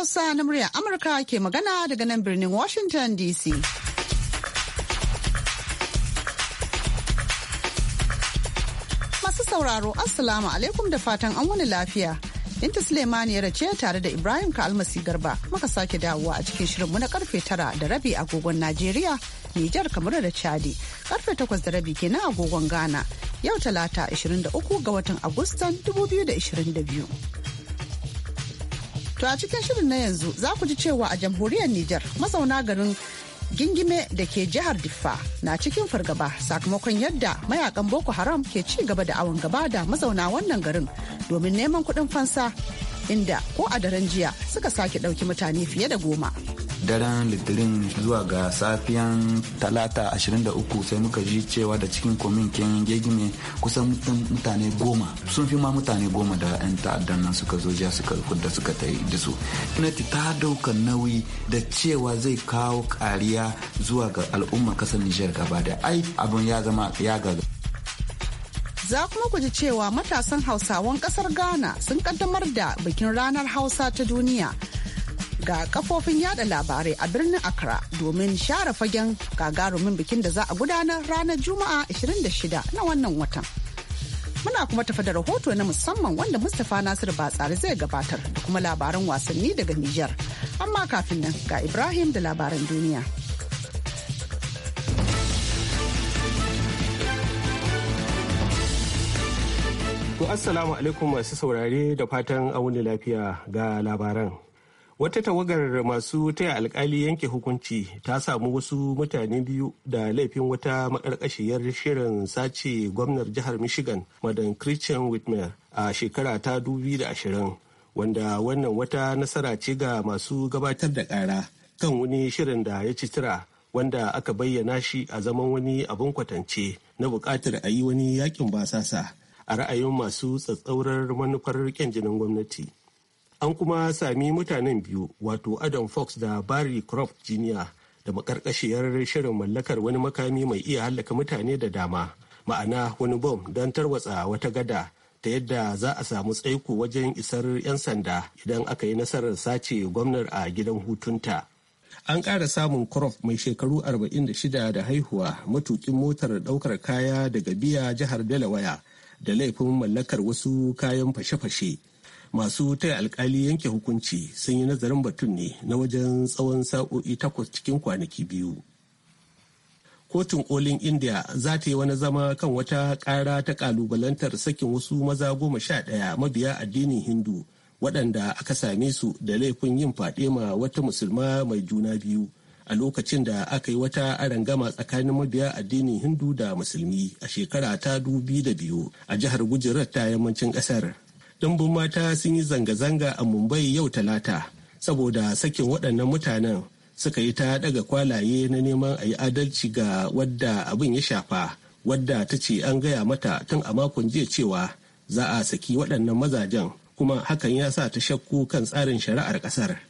Hausa na muryar Amurka ke magana daga nan birnin Washington DC. Masu sauraro, Assalamu alaikum da fatan an wani lafiya. inta Suleimani ya race tare da Ibrahim Kalmasi Garba muka sake dawowa a cikin shirinmu na karfe tara da rabi agogon Najeriya, Nijar kamar da Chadi, karfe takwas da rabi kenan agogon Ghana, yau talata 23 ga watan Agustan 2022. To a cikin shirin na yanzu za ku ji cewa a jamhuriyar Nijar mazauna garin gingime da ke jihar diffa na cikin fargaba sakamakon yadda mayakan boko haram ke ci gaba da awon gaba da mazauna wannan garin domin neman kuɗin fansa inda ko a daren jiya suka sake ɗauki mutane fiye da goma. daren litinin zuwa ga safiyan talata 23 sai muka ji cewa da cikin komin kominkin gegime kusan mutane goma sun fi ma mutane goma da 'yan ta'addan nan suka zo jiya suka da suka ta yi su gwamnati ta dauka nauyi da cewa zai kawo kariya zuwa ga al'umma kasar nijar gaba da ai abin ya zama ya gaga za kuma ku ji cewa matasan hausawan kasar ghana sun kaddamar da bikin ranar hausa ta duniya ga kafofin yada labarai a birnin Accra domin share fagen gagarumin bikin da za a gudanar ranar Juma'a 26 na wannan watan. Muna kuma tafa da rahoto na musamman wanda Mustapha Nasiru Batsari zai gabatar da kuma labaran wasanni daga Nijar. Amma kafin nan ga Ibrahim da labaran duniya. To Assalamu alaikum masu saurare da fatan auni lafiya ga labaran. wata tawagar masu taya alkali yanke hukunci ta samu wasu mutane biyu da laifin wata makarkashiyar shirin sace gwamnar jihar michigan madan christian whitmer a shekara ta 2020 wanda wannan wata nasara ce ga masu gabatar da kara kan wani shirin da ya ci wanda aka bayyana shi a zaman wani abin kwatance na bukatar a yi wani yakin basasa a ra'ayin masu tsatsaurar manufar gwamnati an kuma sami mutanen biyu wato adam fox da barry Croft, jr da makarkashiyar shirin mallakar wani makami mai iya hallaka mutane da dama ma'ana wani bom don tarwatsa wata gada ta yadda za a samu tsaiko wajen isar 'yan sanda idan aka yi nasarar sace gwamnar a gidan hutunta an ƙara samun croft mai shekaru 46 da haihuwa matukin motar ɗaukar kaya daga biya jihar delaware da laifin mallakar wasu kayan fashe-fashe masu taya alkali yanke hukunci sun yi nazarin batun ne na wajen tsawon sa'o'i takwas cikin kwanaki biyu kotun kolin india za ta yi wani zama kan wata ƙara ta kalubalantar sakin wasu maza goma sha ɗaya mabiya addinin hindu waɗanda aka same su da laifin yin faɗe ma wata musulma mai juna biyu a lokacin da aka yi wata arangama tsakanin mabiya addinin hindu da musulmi a shekara ta dubi da biyu a jihar gujirar ta yammacin ƙasar dambun mata sun yi zanga-zanga a mumbai yau talata saboda sakin waɗannan mutanen suka yi ta daga kwalaye na neman a yi adalci ga wadda abin ya shafa wadda ta ce an gaya mata tun a makon jiya cewa za a saki waɗannan mazajen kuma hakan ya sa ta shakku kan tsarin shari'ar ƙasar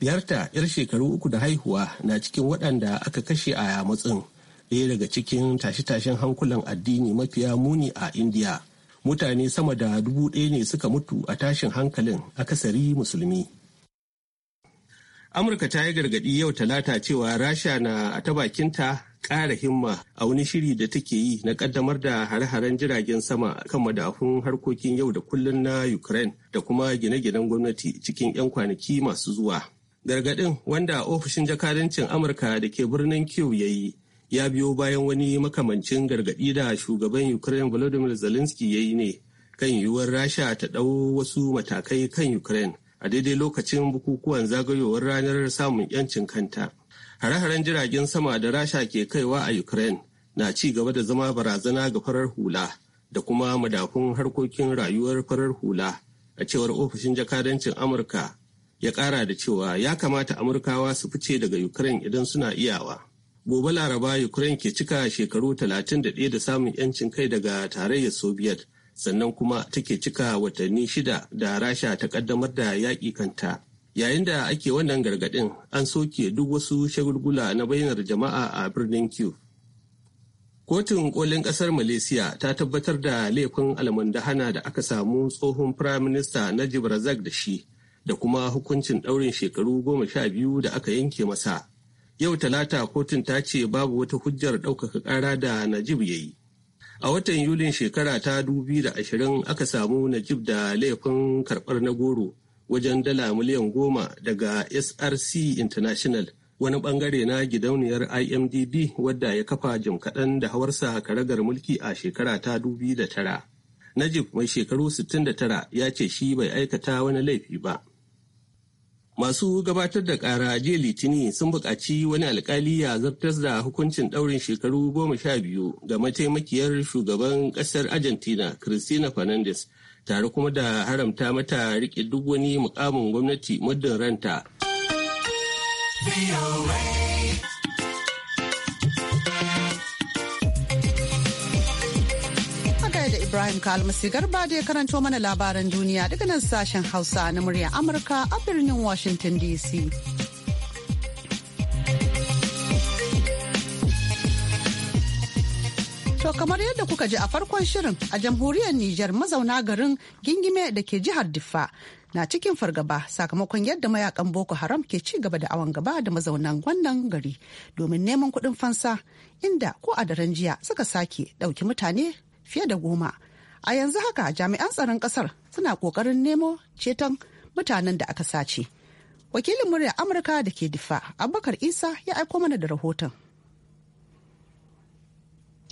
diyarta yar shekaru uku da haihuwa na cikin waɗanda aka kashe a matsin ɗaya daga cikin tashe-tashen hankulan addini mafiya muni a indiya mutane sama da dubu ɗaya ne suka mutu a tashin hankalin akasari musulmi amurka ta yi gargaɗi yau talata cewa rasha na ta bakinta ƙara himma a wani shiri da take yi na ƙaddamar da hare-haren jiragen sama kan madafun harkokin yau da kullun na ukraine da kuma gine-ginen gwamnati cikin 'yan kwanaki masu zuwa gargaɗin wanda ofishin jakadancin amurka da ke birnin kyau ya yi ya biyo bayan wani makamancin gargaɗi da shugaban Ukraine Volodymyr Zelensky ya yi ne kan yiwuwar Rasha ta ɗau wasu matakai kan Ukraine a daidai lokacin bukukuwan zagayowar ranar samun 'yancin kanta. Hare-haren jiragen sama da Rasha ke kaiwa a Ukraine na ci gaba da zama barazana ga farar hula da kuma madafun harkokin rayuwar farar hula a cewar ofishin jakadancin Amurka ya kara da cewa ya kamata Amurkawa su fice daga Ukraine idan suna iyawa. gobe laraba ukraine ke cika shekaru 31 da samun yancin kai daga tarayyar soviet sannan kuma take cika watanni shida da rasha ta kaddamar da yaƙi kanta yayin da ake wannan gargaɗin an soke duk wasu shagulgula na bayyanar jama'a a birnin q. kotun kolin ƙasar malaysia ta tabbatar da laifin almandahana da aka samu tsohon firaminista najib razak da shi da kuma hukuncin ɗaurin shekaru goma sha biyu da aka yanke masa yau talata kotun ta ce babu wata hujjar ɗaukaka ƙara da najib ya yi a watan yulin shekara ta da ashirin aka samu najib da laifin karɓar na goro wajen dala miliyan goma daga src international wani ɓangare na gidauniyar imdb wadda ya kafa jim kaɗan da hawarsa karagar mulki a shekara ta tara. najib mai shekaru 69 ya ce shi bai aikata wani laifi ba masu gabatar da kara jiya litini sun buƙaci wani alkali ya zartar da hukuncin ɗaurin shekaru goma sha biyu ga mataimakiyar shugaban ƙasar argentina christina fernandez tare kuma da haramta mata riƙe duk wani mukamin gwamnati muddin ranta. Ibrahim Kalmasi Garba da ya karanto mana labaran duniya daga nan sashen Hausa na murya Amurka a birnin Washington DC. To kamar yadda kuka ji a farkon shirin a jamhuriyar Nijar mazauna garin gingime da ke jihar Diffa na cikin fargaba sakamakon yadda mayakan Boko Haram ke ci gaba da awon gaba da mazaunan wannan gari domin neman kuɗin fansa inda ko a daren jiya suka sake ɗauki mutane fiye da goma a yanzu haka jami'an tsaron kasar suna kokarin nemo ceton mutanen da aka sace wakilin murya amurka da ke difa abubakar isa ya aiko mana da rahoton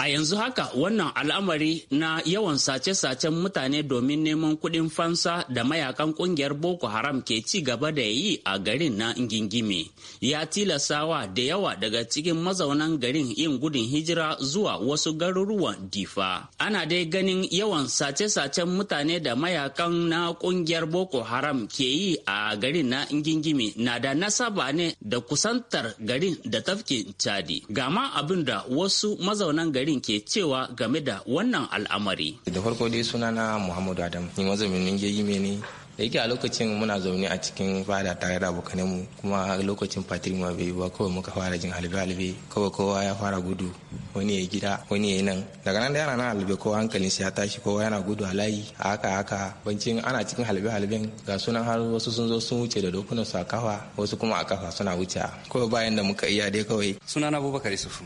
A yanzu haka wannan al'amari na yawan sace-sacen mutane domin neman kuɗin fansa da mayakan ƙungiyar Boko Haram ke ci gaba da yi a garin na Gingime ya tilasawa da yawa daga cikin mazaunan garin yin gudun hijira zuwa wasu garuruwan difa. Ana dai ganin yawan sace-sacen mutane da mayakan na ƙungiyar Boko Haram ke yi a garin na Gingime na da nasaba ne da kusantar garin da tafkin Chadi. Gama abin da wasu mazaunan garin shirin ke cewa game da wannan al'amari. Da farko dai sunana Muhammadu Adam, ni mazamin ningeyi me ne da yake a lokacin muna zaune a cikin fada tare da mu kuma a lokacin patrick ma bai ba kawai muka fara jin halbe-halbe kawai kowa ya fara gudu wani ya gida wani ya nan daga nan da yana nan halbe ko hankalin shi ya tashi kowa yana gudu a layi a haka haka bancin ana cikin halbe halben ga sunan har wasu sun zo sun wuce da dokunan su a kafa wasu kuma a kafa suna wuce ko bayan da muka iya dai kawai sunan abubakar yusufu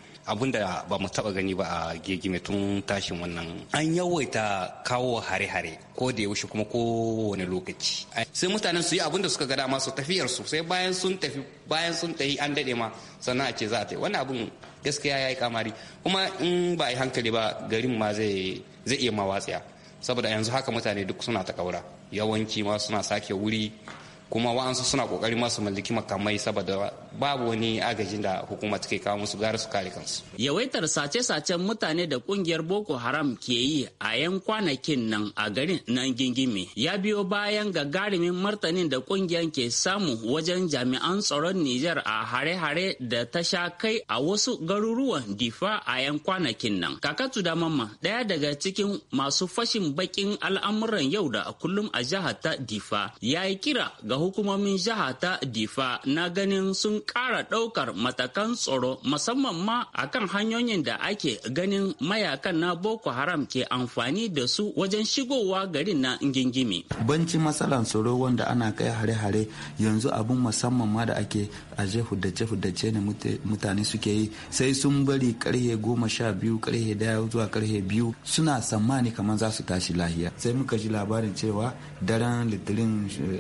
da ba mu taba gani ba a gegime tun tashin wannan an yawaita kawo hare-hare ko da yaushe kuma ko wani lokaci sai mutanen su yi da suka ga dama su tafiyar su sai bayan sun tafi bayan sun tafi an dade ma sannan a ce za a tafi wannan abin gaskiya ya yi kamari kuma in ba a yi hankali ba garin ma zai iya mawatsiya saboda yanzu haka mutane duk suna ta kaura yawanci ma suna sake wuri kuma wa'ansu suna kokari masu mallaki makamai saboda babu wani agajin da hukuma take kawo musu gara su kare kansu yawaitar sace-sacen mutane da kungiyar boko haram ke yi a yan kwanakin nan a garin nan gingimi ya biyo bayan gagarumin martanin da kungiyar ke samu wajen jami'an tsaron Nijar a hare-hare da ta sha kai a wasu garuruwan difa a yan kwanakin nan kakatu da mamma daya daga cikin masu fashin bakin al'amuran yau da kullum a jihar ta difa ya yi kira ga hukumomin jiha ta difa na ganin sun kara ɗaukar matakan tsaro musamman ma a kan hanyoyin da ake ganin mayakan na boko haram ke amfani da su wajen shigowa garin na gingimi banci matsalan tsaro wanda ana kai hare-hare yanzu abun musamman ma da ake aje hudace hudace ne mutane suke yi sai sun bari karhe goma sha biyu karhe daya zuwa karhe biyu suna tsammani kamar za su tashi lahiya sai muka ji labarin cewa daren litirin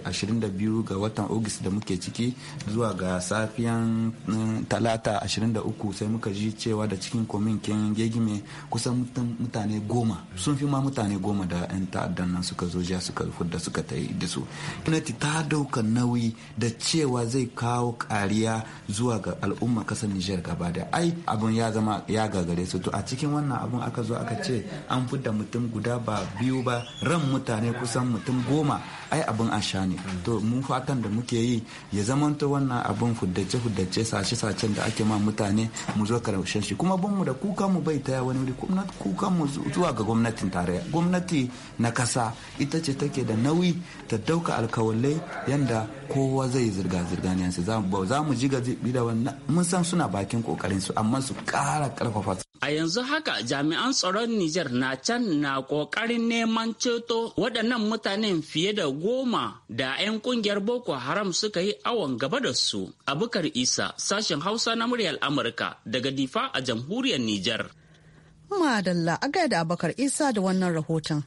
eh, biyu. biyu ga watan ogis da muke ciki zuwa ga safiyan mm, talata 23 sai muka ji cewa da cikin kominkin gegime kusan mutane goma sun fi ma mutane goma da 'yan ta'addan nan suka zo jiya suka da suka ta yi da su gwamnati ta dauka nauyi da cewa zai kawo kariya zuwa ga al'umma kasar nijar gaba da ai abun ya zama ya gagare su to a cikin wannan abun aka zo aka ce an fi da mutum guda ba biyu ba ran mutane kusan mutum goma ai abin a sha ne hmm. to mun fatan da muke yi ya zamanta wannan abin fuddace fuddace sace sace da ake ma mutane mu zo karaushen shi kuma bin mu da kukan mu bai taya wani wuri kukan mu zuwa ga gwamnatin tarayya gwamnati na kasa ita ce take da nauyi ta dauka alkawalai yanda kowa zai zirga zirga ne za mu ji gazi da wannan mun san suna bakin kokarin su amma su kara karfafa A yanzu haka jami'an tsaron Nijar na can na kokarin neman ceto waɗannan mutanen fiye da goma da 'yan kungiyar Boko Haram suka yi awon gaba da su. a Abukar Isa sashen Hausa na muryar Amurka daga Difa a jamhuriyar Nijar. Madalla a gaida Abakar Isa da wannan rahoton.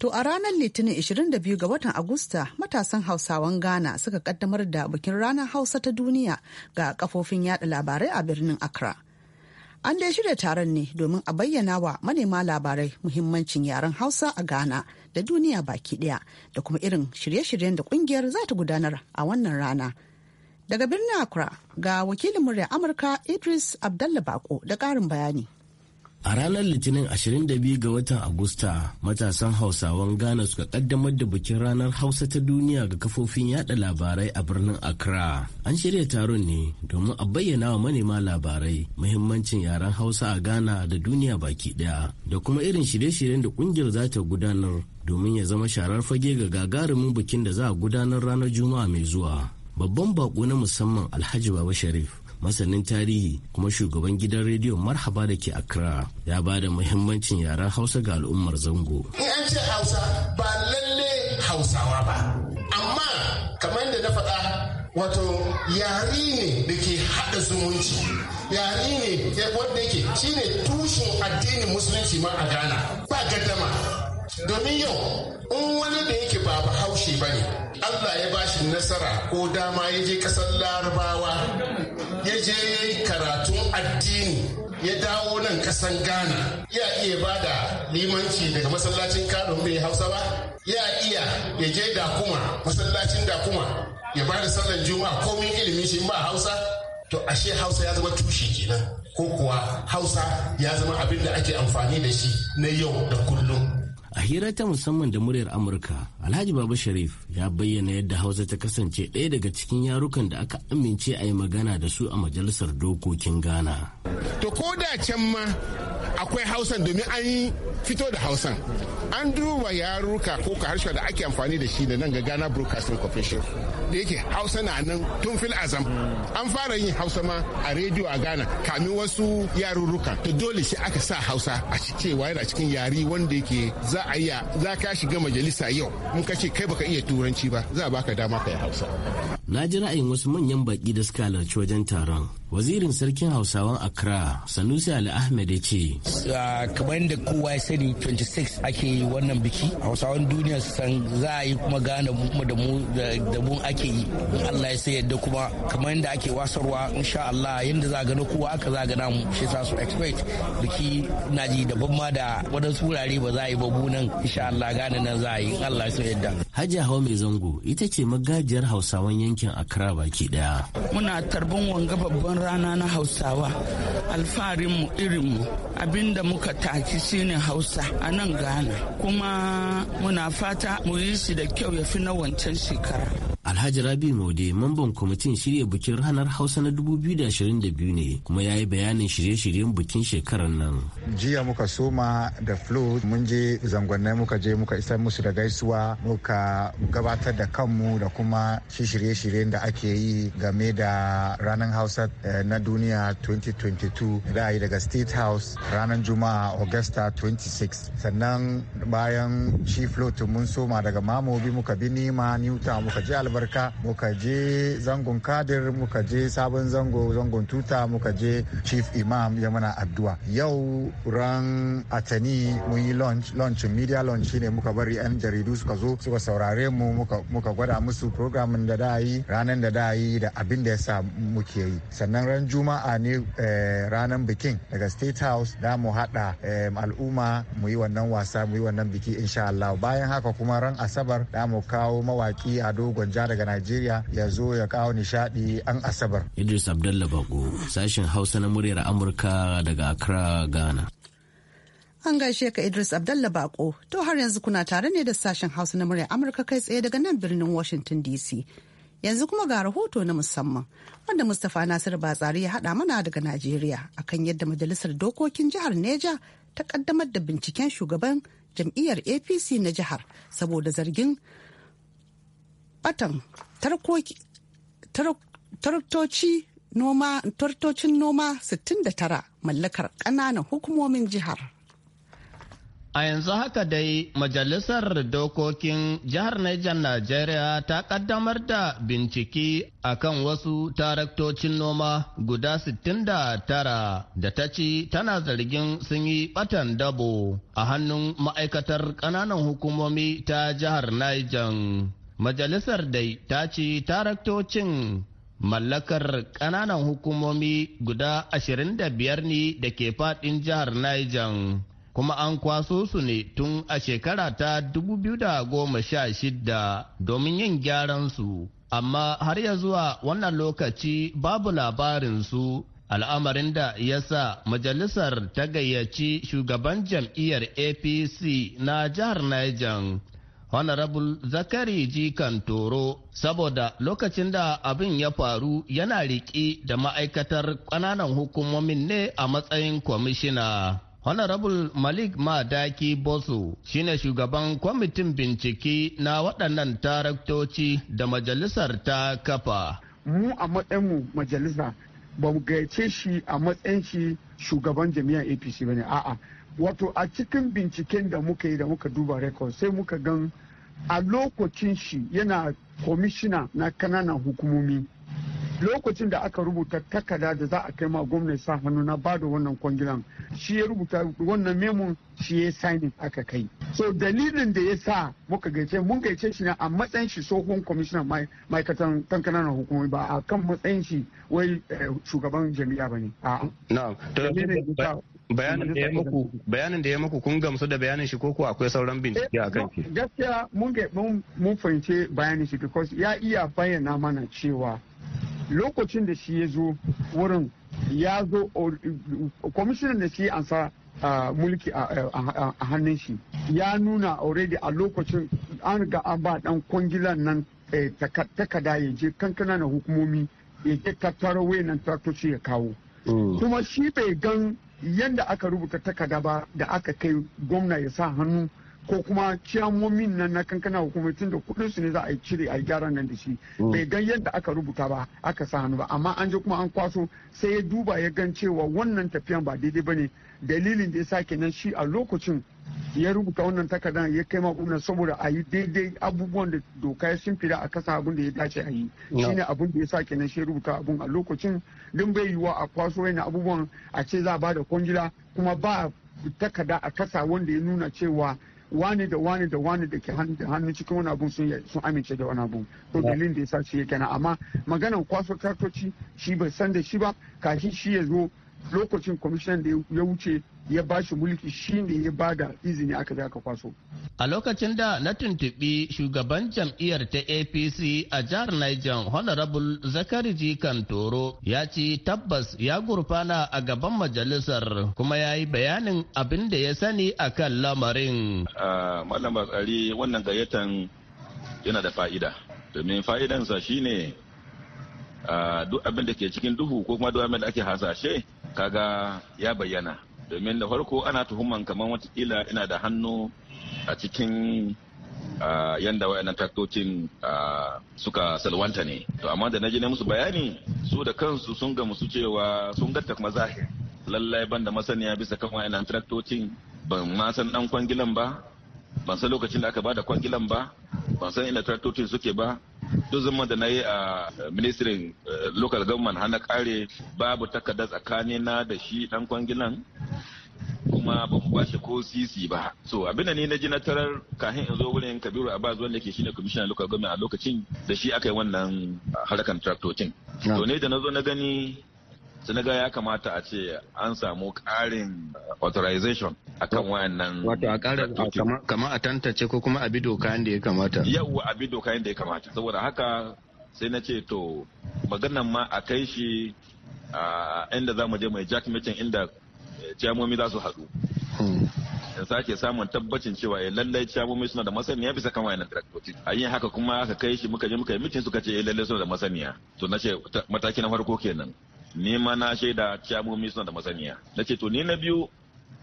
To a ranar Litinin 22 ga watan Agusta matasan Hausawan Ghana suka kaddamar da bikin ranar Hausa ta duniya ga kafofin yada labarai a birnin Accra. An dai shirya taron ne domin a bayyana wa manema labarai muhimmancin yaren Hausa a Ghana. da duniya baki daya da kuma irin shirye-shiryen da kungiyar za ta gudanar a wannan rana. Daga birnin Accra ga wakilin murya Amurka Idris Abdallah Bako da ƙarin bayani. A ranar Litinin 22 ga watan Agusta, matasan Hausawan Ghana suka kaddamar da bikin ranar Hausa ta duniya ga kafofin yada labarai a birnin Accra. An shirya taron ne domin a bayyana wa manema labarai muhimmancin yaren Hausa a Ghana da duniya baki daya da kuma irin shirye-shiryen da kungiyar za ta gudanar domin ya zama sharar fage ga gagarumin bikin da za a gudanar ranar Juma'a mai zuwa. Babban Baƙo na musamman Alhaji Baba Sharif masanin tarihi kuma shugaban gidan rediyon marhaba da ke accra ya ba da muhimmancin yaren hausa ga al'ummar zango in an ce hausa ba lalle hausawa ba amma kamar da na faɗa wato yari ne da ke haɗa zumunci yari ne wanda yake shine tushen addinin musulunci ma a ghana ba gaddama domin yau in wani da yake ba bahaushe ba ne allah ya bashi nasara ko dama ya je ƙasar larabawa ya je karatun addini ya dawo nan kasan ghana ya iya ba da limanci daga masallacin kadon bai hausa ba ya iya ya je dakuma masallacin dakuma ya ba da sallan juma'a komin ilimin shi ba hausa to ashe hausa ya zama tushe kenan ko kuwa hausa ya zama abin da ake amfani da shi na yau da kullum A hira ta musamman da muryar Amurka, Alhaji Baba Sharif ya bayyana yadda Hausa ta kasance ɗaya daga cikin yarukan da aka amince a yi magana da su a majalisar dokokin Ghana. To ko da can ma akwai Hausan domin an yi fito da Hausan. An duba yaruka ko ka harshe da ake amfani da shi da nan ga Ghana Broadcasting Corporation. da yake hausa na nan tun fil azam an fara yin hausa ma a rediyo a ghana kamin wasu yarurruka to dole shi aka sa hausa a cewa yana cikin yari wanda yake za a iya za ka shiga majalisa yau in ka ce kai baka iya turanci ba za a baka dama ka yi hausa na ji ra'ayin wasu manyan baki da suka halarci wajen taron wazirin sarkin hausawan accra sanusi ali ahmed ya ce ah, kamar yadda kowa ya sani 26 ake yi wannan biki hausawan duniya san za a yi kuma gane kuma da mu ake ake yi in Allah ya sai yadda kuma kamar yadda ake wasarwa insha Allah yadda za gani kowa aka za gana mu shi sa su expect biki na ji daban ma da wadansu wurare ba za a yi ba bunan insha Allah gane nan za a yi in Allah ya sai yadda Hajji Hawa Mai Zango ita ce magajiyar Hausawan yankin Accra baki daya muna tarbin wanga babban rana na Hausawa alfarin mu irin mu abinda muka taki shine Hausa a nan Ghana kuma muna fata mu yi shi da kyau ya fi na wancan shekara Alhaji Rabi Maude mamban kwamitin shirya bikin ranar Hausa na 2022 ne kuma ya yi bayanin shirye-shiryen bikin shekarar nan. Jiya muka soma da flo mun je zangonnai muka je muka isar musu da gaisuwa muka gabatar da kanmu da kuma shi shirye-shiryen da ake yi game da ranar Hausa eh, na duniya 2022 da yi daga State House ranar Juma'a Augusta 26 sannan bayan shi flo mun soma daga Mamobi muka bi Nima Newtown muka je albarka muka je zangon kadir muka je sabon zango zangon tuta muka je chief imam ya mana addu'a yau ran atani mun yi launch launch media launch ne muka bari yan jaridu suka zo suka saurare mu muka, gwada musu programin da da yi ranan da da yi da abin da ya muke yi sannan ran juma'a ne eh, ranan bikin daga state house da mu haɗa eh, al'umma mu yi wannan wasa mu yi wannan biki insha Allah bayan haka kuma ran asabar da mu kawo mawaki a dogon fita daga Najeriya ya zo ya kawo nishadi an Asabar. Idris Abdullah Bago, sashen Hausa na muryar Amurka daga Accra, Ghana. An gaishe ka Idris Abdalla Bako, to har yanzu kuna tare ne da sashen Hausa na muryar Amurka kai tsaye daga nan birnin Washington DC. Yanzu kuma ga rahoto na musamman wanda Mustapha Nasiru Batsari ya haɗa mana daga Najeriya akan yadda Majalisar Dokokin Jihar Neja ta ƙaddamar da binciken shugaban jam'iyyar APC na jihar saboda zargin batan tartoci noma tartocin noma 69 mallakar ƙananan hukumomin jihar a yanzu haka dai majalisar dokokin jihar Niger Najeriya ta kaddamar da bincike akan wasu taraktocin noma guda 69 da ta ci tana zargin sun yi batan dabo a hannun ma'aikatar ƙananan hukumomi ta jihar Niger. Majalisar dai ta ci taraktocin mallakar ƙananan hukumomi guda 25 ne da ke faɗin jihar Niger. kuma an kwaso su ne tun a shekara ta 2016 domin yin gyaran su amma har ya zuwa wannan lokaci babu labarin su al'amarin da ya sa majalisar ta gayyaci shugaban jam'iyyar apc na jihar niger Honorable Zakari kan toro saboda lokacin da abin ya faru yana riƙe da ma'aikatar ƙananan hukumomin ne a matsayin kwamishina. Honorable Malik Madaki Boso shine shugaban kwamitin bincike na waɗannan taraktoci da majalisar ta kafa. Mu a matsayinmu majalisa ba mu gayyace shi a matsayin shi shugaban jami'an APC ba ne a'a. Wato a cikin binciken da muka yi da muka duba rekod sai muka gan a lokacin shi yana Komishina na kananan hukumomi lokacin da aka rubuta takada da za a kai ma gwamnati sa hannu na ba da wannan kwangilan shi ya rubuta wannan memon shi ya sani aka kai so dalilin da ya sa muka gaice mun gaice shi ne a matsayin shi tsohon kwamishinan ma'aikatan kankananan hukumomi ba a kan matsayin shi wai eh, shugaban jami'a ba ne bayanin da ya muku kun gamsu da bayanin shi koko akwai sauran bincike a kan shi eh, gaskiya mun fahimce bayanin shi because ya iya bayyana mana cewa lokacin da shi ya zo wurin ya zo kwamishinan da shi ansa mulki a hannun shi ya nuna already a lokacin an ga an ba dan kwangilan nan e, takada ya je kankana na hukumomi ya je tattaro nan traktoci ya kawo mm. kuma shi bai gan yadda aka rubuta takada ba da aka kai gwamna ya sa hannu ko kuma ciyamomin nan na kankana hukumocin da kudin su ne za a yi cire a yi gyaran nan da shi mm. bai gan yadda aka rubuta ba aka sa hannu ba amma an je kuma an kwaso sai ya duba ya gan cewa wannan tafiyan ba daidai ba ne dalilin da ya sa kenan shi a lokacin ya rubuta wannan takardar ya kai makunan saboda a yi daidai abubuwan da doka ya fira a kasa abin da ya dace a yi mm. shine abin da ya sa kenan shi ya rubuta abin a lokacin din bai yiwuwa a kwaso yana abubuwan a ce za a ba da kwangila kuma ba takarda a kasa wanda ya nuna cewa wani da wani da wani da ke hannun cikin wani abun sun amince da wani abun to dalilin da ya sa shi ya kenan amma maganan kwaso kartoci shi bai san da shi ba kashin shi ya zo lokacin kwamishinan da ya wuce ya ba shi mulki shine ya ba da izini aka zai aka kwaso. A lokacin da na tuntuɓi shugaban jam'iyyar ta APC a jihar Niger Honorable Zakari jikan Kantoro ya ce tabbas ya gurfana a gaban majalisar kuma ya yi bayanin abin da ya sani a kan lamarin. Malam tsari wannan gayyatan yana da fa'ida. Domin fa'idansa shine duk abin da ke cikin duhu ko kuma duk abin da ake hasashe kaga ya bayyana domin da farko ana tuhuman kamar watakila ina da hannu a cikin yadda wayannan taktocin suka salwanta ne to amma da na naji ne musu bayani su da kansu sun ga musu cewa sun gatta kuma zahir lallai ban da masaniya bisa kan wayannan traktocin ban ma san dan kwangilan ba ban san lokacin da aka bada kwangilan ba ban san inda traktocin suke ba duk zaman da na yi a eh, ministrin eh, local government hana kare babu takarda tsakanin na da shi dan kwangilan kuma ba mu bashi ko sisi ba so abin da ni na ji na tarar kafin in zo wurin kabiru abbas wanda ke shine commissioner local government a lokacin da shi aka yi wannan eh, harkan traktocin to ne da na zo na gani sai ga ya kamata a ce an samu ƙarin authorization a kan wayannan wato a karin kama a tantance ko kuma a bi doka yadda ya kamata Yau a bi doka yadda ya kamata saboda haka sai na ce to maganan ma a kai shi a inda za mu je mai jack meeting inda eh, ciyamomi za su haɗu hmm. in sake samun tabbacin cewa ya eh, lallai ciyamomi suna da masaniya bisa kan wayannan traktoci a yin haka kuma aka kai shi muka je muka yi mitin suka ce ya eh, lallai suna da masaniya to na ce mataki na farko kenan ni ma na shaida ciyamomi suna da masaniya na ce to ni na biyu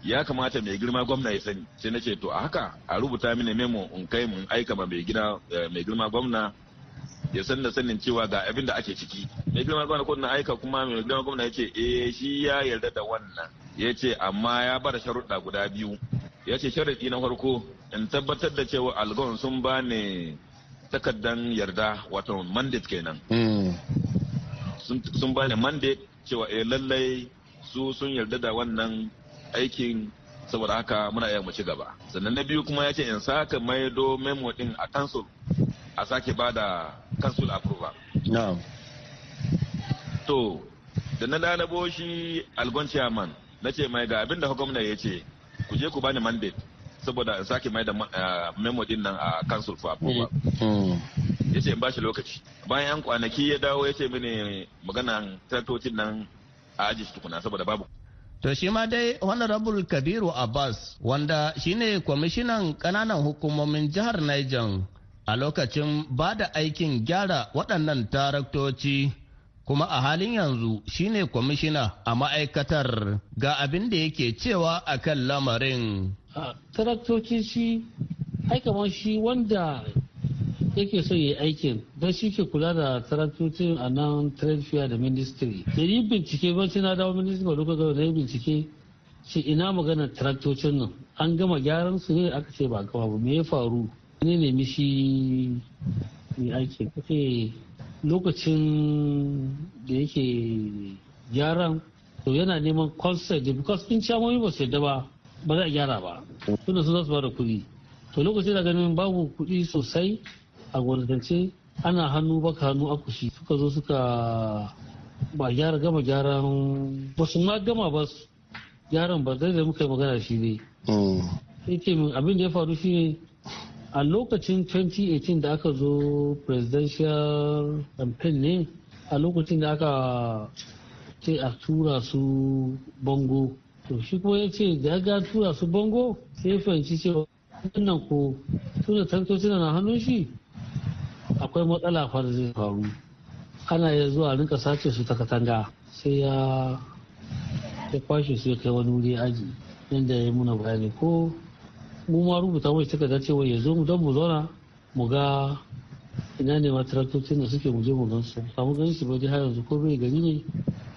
ya kamata mai girma gwamna ya sani sai na ce to a haka a rubuta mini memo in kai mun aika ma mai eh, mai girma gwamna ya san da sanin cewa ga abin da ake ciki mai girma gwamna ko na aika kuma mai girma gwamna ya ce eh shi ya yarda da wannan ya ce amma ya bada sharuɗa guda biyu ya ce sharaɗi na farko in tabbatar da cewa algon sun ba takardan yarda wato mandate kenan hmm. sun ba da mandate cewa eh lallai su sun yarda da wannan aikin saboda haka muna iya mu ci gaba sannan na biyu kuma ya ce in sake maido memo din a council a sake ba da council approval to da na lalabo shi algon chairman na ce mai ga abin da gwamna ya ce ku je ku bani mandate saboda in sake maida da eh, memo din nan a council for approval mm, mm. ya ce in bashi lokaci bayan yan kwanaki ya dawo ya ce mini maganan traktocin nan a aji tukuna saboda babu To shi ma dai Honorable Kabiru Abbas wanda shine kwamishinan kananan hukumomin jihar Niger a lokacin ba da aikin gyara waɗannan taraktoci kuma a halin yanzu shine kwamishina a ma'aikatar ga abin da yake cewa akan lamarin. Taraktoci shi ai shi wanda yake so ya aikin don shi ke kula da taraktocin a nan trade fair da ministry da yi bincike bacci na dawo ministry ba lokacin da yi bincike shi ina magana taraktocin nan an gama gyaran su ne aka ce ba gama ba me ya faru ne ne mishi yi aikin kace lokacin da yake gyaran to yana neman concert da because in camomi ba su yadda ba ba za a gyara ba tunda su za su ba da kuɗi to lokacin da ganin babu kuɗi sosai a gwamnatance ana hannu baka hannu akushi suka zo suka ba gyara gama gyaran ba su ma gama ba gyaran ba zai da muka yi magana shi ne mm. sai ce min abin da ya faru shi ne a lokacin 2018 da aka zo presidential campaign ne a lokacin da aka ce a tura su bango to shi kuma ya ce da ga tura su bango sai fahimci cewa wannan ko tuna tantoci na hannun shi akwai matsala fa zai faru ana ya zuwa rinka sace su ta katanga sai ya ya kwashe su ya kai wani wuri aji yadda ya yi muna bayani ko mu ma rubuta mai takarda cewa ya zo mu don mu zauna mu ga ina ne ma da suke muje mu gan su samu ganin su bai har yanzu ko bai gani ne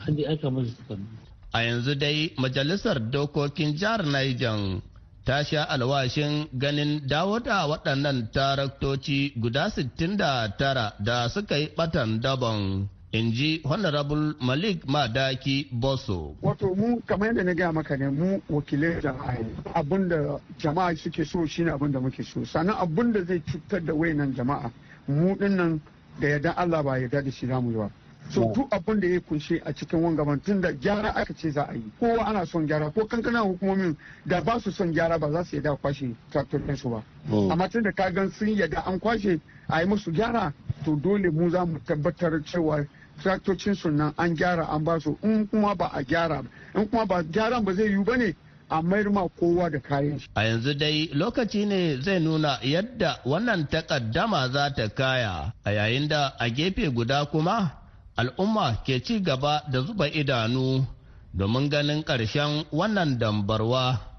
an dai aika mai takardu a yanzu dai majalisar dokokin jihar Niger ta sha alwashin ganin dawo da waɗannan taraktoci guda 69 da suka yi ɓatan dabon in ji honorable malik madaki boso wato mu kamar yadda na gaya maka ne mu wakilai jama'a abinda jama'a suke so shine abinda muke so sannan abinda zai cutar da wayannan jama'a mu dinnan da yadda allah ba yarda da shi zamu yi ba so mm. duk abin da ya kunshe a cikin wangaban tun da gyara aka ce za a yi kowa ana son gyara ko kankana hukumomin da ba su son gyara ba za su yada kwashe tractor su ba mm. amma tun da ka gan sun yada an kwashe a yi musu gyara to dole mu za mu tabbatar cewa traktocin su nan an gyara an ba su in kuma ba a gyara in kuma ba gyaran ba zai yiwu ba ne a mayar ma kowa da kayan shi. A yanzu dai lokaci ne zai nuna yadda wannan takaddama za ta kaya a yayin da a gefe guda kuma al'umma ke ci gaba da zuba idanu domin ganin ƙarshen wannan dambarwa.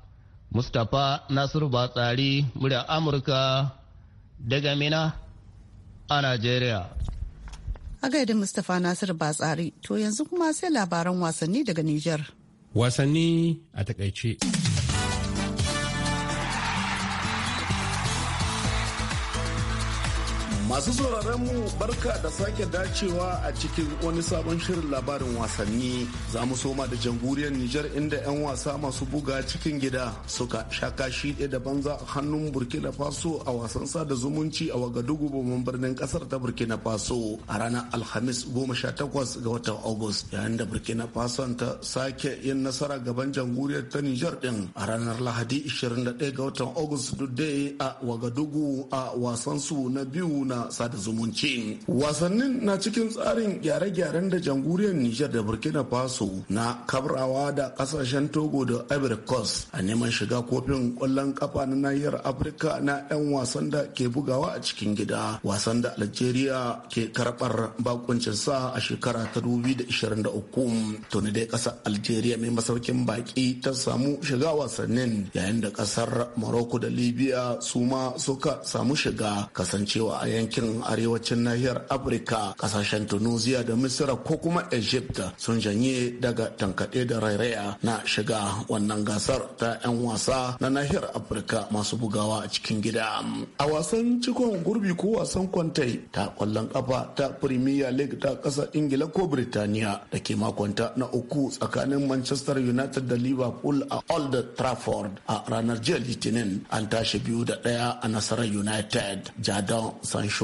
Mustapha Nasiru Batsari, murya Amurka daga Mina a Najeriya. A gaida Mustapha Nasiru Batsari, to yanzu kuma sai labaran wasanni daga Nijar. Wasanni a takaice. Masu sauraron mu barka da sake dacewa a cikin wani sabon shirin labarin wasanni za mu soma da jamhuriyar Nijar inda 'yan wasa masu buga cikin gida suka shaka shi ɗaya da banza a hannun Burkina Faso a wasan sada zumunci a Wagadugu babban birnin kasar ta Burkina Faso a ranar Alhamis 18 ga watan Agus yayin da Burkina Faso ta sake yin nasara gaban jamhuriyar ta Nijar din a ranar Lahadi 21 ga watan Agus duk a Wagadugu a wasan su na biyu na sada zumunci wasannin na cikin tsarin gyare-gyaren da jamhuriyar nijar da burkina faso na kabrawa da kasashen togo da ivory coast a neman shiga kofin kwallon kafa na nahiyar afirka na 'yan wasan da ke bugawa a cikin gida wasan da algeria ke karbar bakuncin sa a shekara ta 2023 tuni dai kasar algeria mai masaukin baki ta samu shiga wasannin yayin da kasar morocco da libya su ma suka samu shiga kasancewa a yankin yankin arewacin nahiyar afirka kasashen tunisia da misira ko kuma egypt sun janye daga tankaɗe da rairaya na shiga wannan gasar ta 'yan wasa na nahiyar afirka masu bugawa a cikin gida a wasan cikon gurbi ko wasan kwantai ta kwallon kafa ta premier league ta ƙasar ingila ko birtaniya da ke makonta na uku tsakanin manchester united da liverpool a old trafford a ranar jiya litinin an tashi biyu da ɗaya a nasarar united jadon sancho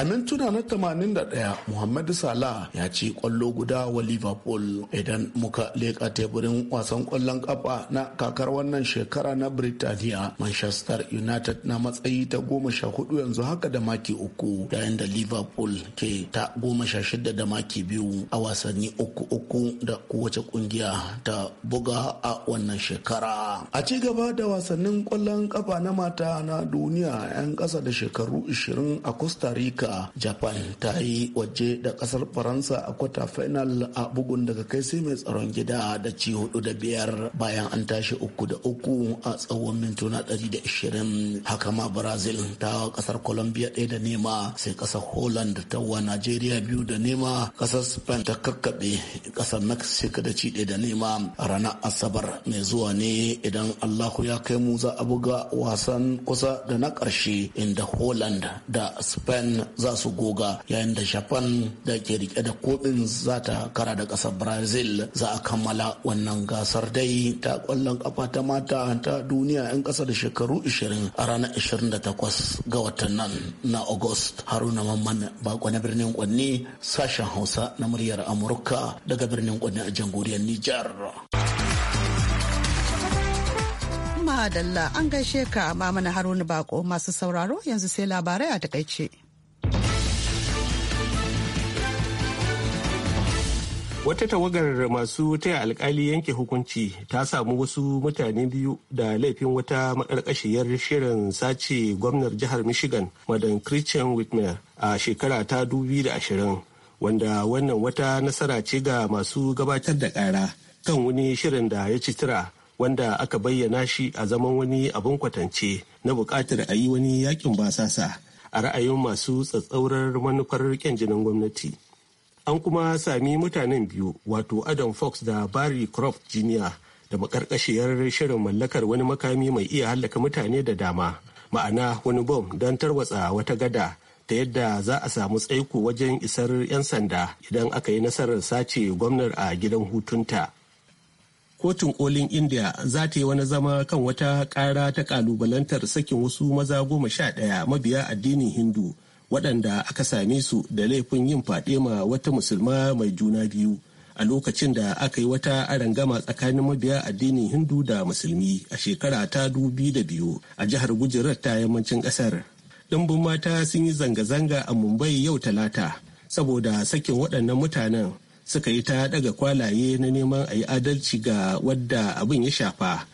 A mintuna na 81 Muhammadu Salah ya ci kwallo guda wa Liverpool idan muka leƙa teburin wasan kwallon kafa na kakar wannan shekara na Birtaniya Manchester United na matsayi ta goma sha hudu yanzu haka da maki uku yayin da Liverpool ke ta goma sha shida da maki biyu a wasanni uku uku da kowace kungiya ta buga a wannan shekara. A ci gaba da wasannin kwallon kafa na mata na duniya 'yan ƙasa da shekaru 20 a Costa Rica japan ta yi waje da kasar faransa a kwata final a bugun daga kai sai mai tsaron gida da ci hudu da biyar bayan an tashi uku da uku a tsawon mintuna ɗari da ashirin haka ma brazil ta kasar colombia ɗaya da nema sai kasar holland ta wa nigeria biyu da nema kasar spain ta kakkaɓe kasar mexico da ci ɗaya da nema ranar asabar mai zuwa ne idan allahu ya kai mu za a buga wasan kusa da na ƙarshe inda holland da spain za su goga yayin da japan da ke rike da koɓin za ta kara da kasar brazil za a kammala wannan gasar dai ta kwallon kafa ta mata ta duniya 'yan kasa da shekaru 20 a ranar 28 ga watan nan na august haruna mamman bako na birnin kwanne sashen hausa na muryar amurka daga birnin kwanne a jamhuriyar nijar Madalla an gaishe ka mamana haruna bako masu sauraro yanzu sai labarai a takaice. wata tawagar masu taya alkali yanke hukunci ta samu wasu mutane biyu da laifin wata makarkashiyar shirin sace gwamnar jihar michigan madan christian whitmer a shekara ta ashirin wanda wannan wata nasara ce ga masu gabatar da kara kan wani shirin da ya ci citira wanda aka bayyana shi a zaman wani abin kwatance na bukatar a yi wani yakin basasa a ra'ayin masu tsatsaurar manufar gwamnati an kuma sami mutanen biyu wato adam fox da barry croft jr da makarkashiyar shirin mallakar wani makami mai iya hallaka mutane da dama ma'ana wani bom don tarwatsa wata gada ta yadda za a samu tsaiko wajen isar 'yan sanda idan aka yi nasarar sace gwamnar a gidan hutunta kotun kolin india za ta yi wani zama kan wata kara ta kalubalantar sakin wasu maza goma sha ɗaya mabiya addinin hindu waɗanda aka same su da laifin yin faɗe ma wata musulma mai juna biyu a lokacin da aka yi wata arangama tsakanin mabiya addinin hindu da musulmi a shekara ta dubi da biyu a jihar gujirar ta yammacin ƙasar ɗimbin mata sun yi zanga-zanga a mumbai yau talata saboda sakin waɗannan mutanen suka yi ta daga kwalaye na neman a yi adalci ga wadda abin ya shafa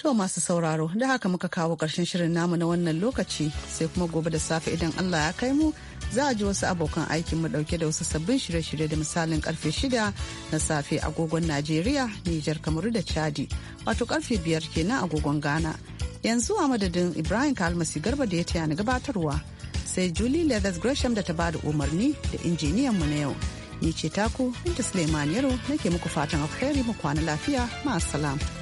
To masu sauraro da haka muka kawo ƙarshen shirin namu na wannan lokaci sai kuma gobe da safe idan Allah ya kai mu za a ji wasu abokan aikin mu dauke da wasu sabbin shirye-shirye da misalin karfe shida na safe agogon Najeriya, Nijar, Kamaru da Chadi wato karfe biyar kenan agogon Ghana. Yanzu a madadin Ibrahim Kalmasi Garba da ya taya ni gabatarwa sai Julie Leathers Gresham da ta bada umarni da injiniyan mu na yau. Ni ce taku inta Suleiman Yaro nake muku fatan alheri mu kwana lafiya ma